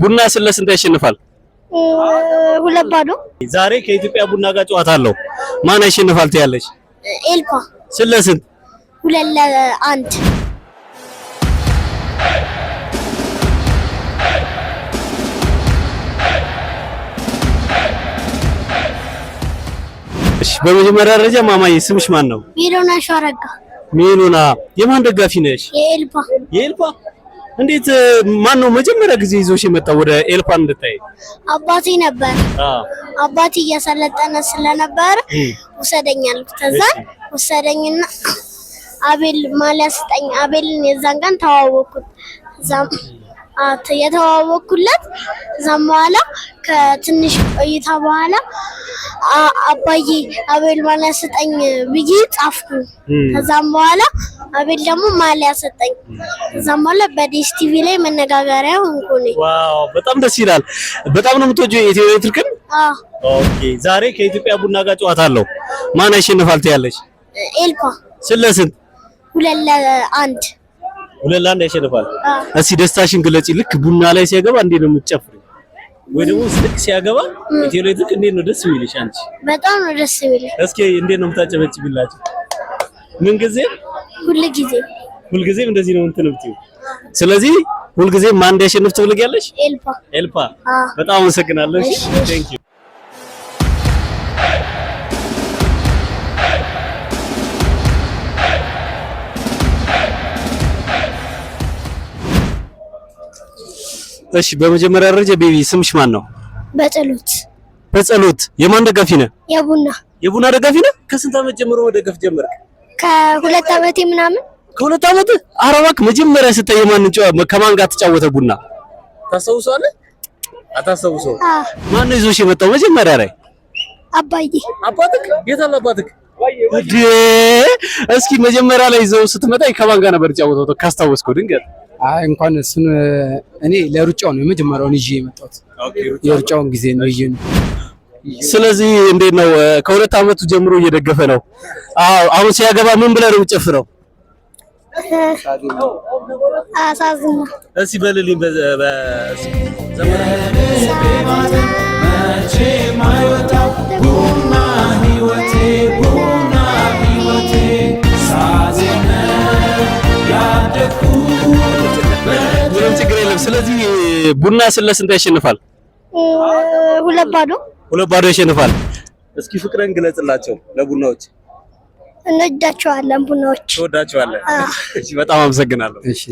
ቡና ስለ ስንት ያሸንፋል? ሁለት ባዶ። ዛሬ ከኢትዮጵያ ቡና ጋር ጨዋታ አለው። ማን ያሸንፋል ትያለሽ? ኤልፓ። ስለ ስንት? ሁለት ለአንድ። በመጀመሪያ ደረጃ ማማዬ ስምሽ ማን ነው? ሚሉና ሸረጋ። ሚሉና የማን ደጋፊ ነሽ? የኤልፓ። የኤልፓ እንዴት ማን ነው መጀመሪያ ጊዜ ይዞሽ የመጣው ወደ ኤልፓን እንድታይ? አባቴ ነበር። አባቴ እያሰለጠነ ስለነበር ውሰደኝ አልኩት። ከዛ ውሰደኝና አቤል ማሊያ ስጠኝ። አቤልን የዛን ቀን ተዋወቅኩት። ዛም አት የተዋወቅኩለት ዛም በኋላ ከትንሽ ቆይታ በኋላ አባዬ አቤል ማሊያ ስጠኝ ብዬ ጻፍኩ። ከዛም በኋላ አቤል ደግሞ ማሊያ ሰጠኝ። እዛም በኋላ በዲሽ ቲቪ ላይ መነጋገሪያ ሆንኩኝ። ዋው በጣም ደስ ይላል። በጣም ነው የምትወጂው ኢትዮ ኤሌክትሪክን? አዎ። ኦኬ ዛሬ ከኢትዮጵያ ቡና ጋር ጨዋታ አለው። ማን ያሸንፋል ትያለሽ? ኤልፓ። ስለስንት? ሁለት ለአንድ። ሁለት ለአንድ ያሸንፋል። እስኪ ደስታሽን ግለጪ። ልክ ቡና ላይ ሲያገባ እንዴት ነው የምትጨፍሪ? ወይ ደግሞ ሲያገባ ኢትዮ ኤሌክትሪክ እንዴት ነው ደስ የሚልሽ አንቺ? በጣም ነው ደስ የሚልሽ። እስኪ እንዴት ነው የምታጨበጭብላችሁ? ምን ጊዜ ሁልጊዜ ሁልጊዜም እንደዚህ ነው እንትን የምትይው። ስለዚህ ሁልጊዜም ማን እንዲያሸንፍ ትፈልጊያለሽ? ኤልፓ ኤልፓ። በጣም አመሰግናለሁ። ቴንክ ዩ እሺ በመጀመሪያ ደረጃ ቤቢ ስምሽ ማን ነው? በጸሎት በጸሎት። የማን ደጋፊ ነህ? የቡና የቡና ደጋፊ ነህ? ከስንት ዓመት ጀምሮ መደገፍ ጀመርክ? ከሁለት ዓመቴ ምናምን ከሁለት ዓመት አረባክ መጀመሪያ ስታይ የማን ከማን ጋር ተጫወተ ቡና ታስታውሳለህ? አታስታውሰው? ማን ነው ይዞሽ የመጣው መጀመሪያ ላይ? አባዬ። አባትክ? የት አለ አባትክ? እስኪ መጀመሪያ ላይ ይዘው ስትመጣ ከማን ጋር ነበር ተጫወተው ካስታወስከው ድንገት? አይ እንኳን እሱን እኔ ለሩጫው ነው የመጀመሪያውን ይዤ የመጣሁት የሩጫውን ጊዜ ነው ይዤ ነው ስለዚህ እንዴት ነው ከሁለት አመቱ ጀምሮ እየደገፈ ነው። አዎ አሁን ሲያገባ ምን ብለህ ነው የምትጨፍረው? አሳዝና በልልኝ ችግር የለም። ስለዚህ ቡና ስለስንት ያሸንፋል? ሁለት ባዶ ሁለት ባዶ ይሸንፋል። እስኪ ፍቅረን ግለጽላቸው ለቡናዎች። እንወዳቸዋለን ቡናዎች። እንወዳቸዋለን። እሺ፣ በጣም አመሰግናለሁ። እሺ።